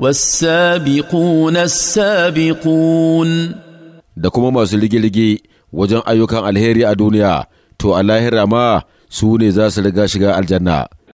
والسابقون السابقون da kuma masu ligiligi wajen ayyukan alheri a duniya to a lahira ma su ne za su riga shiga aljanna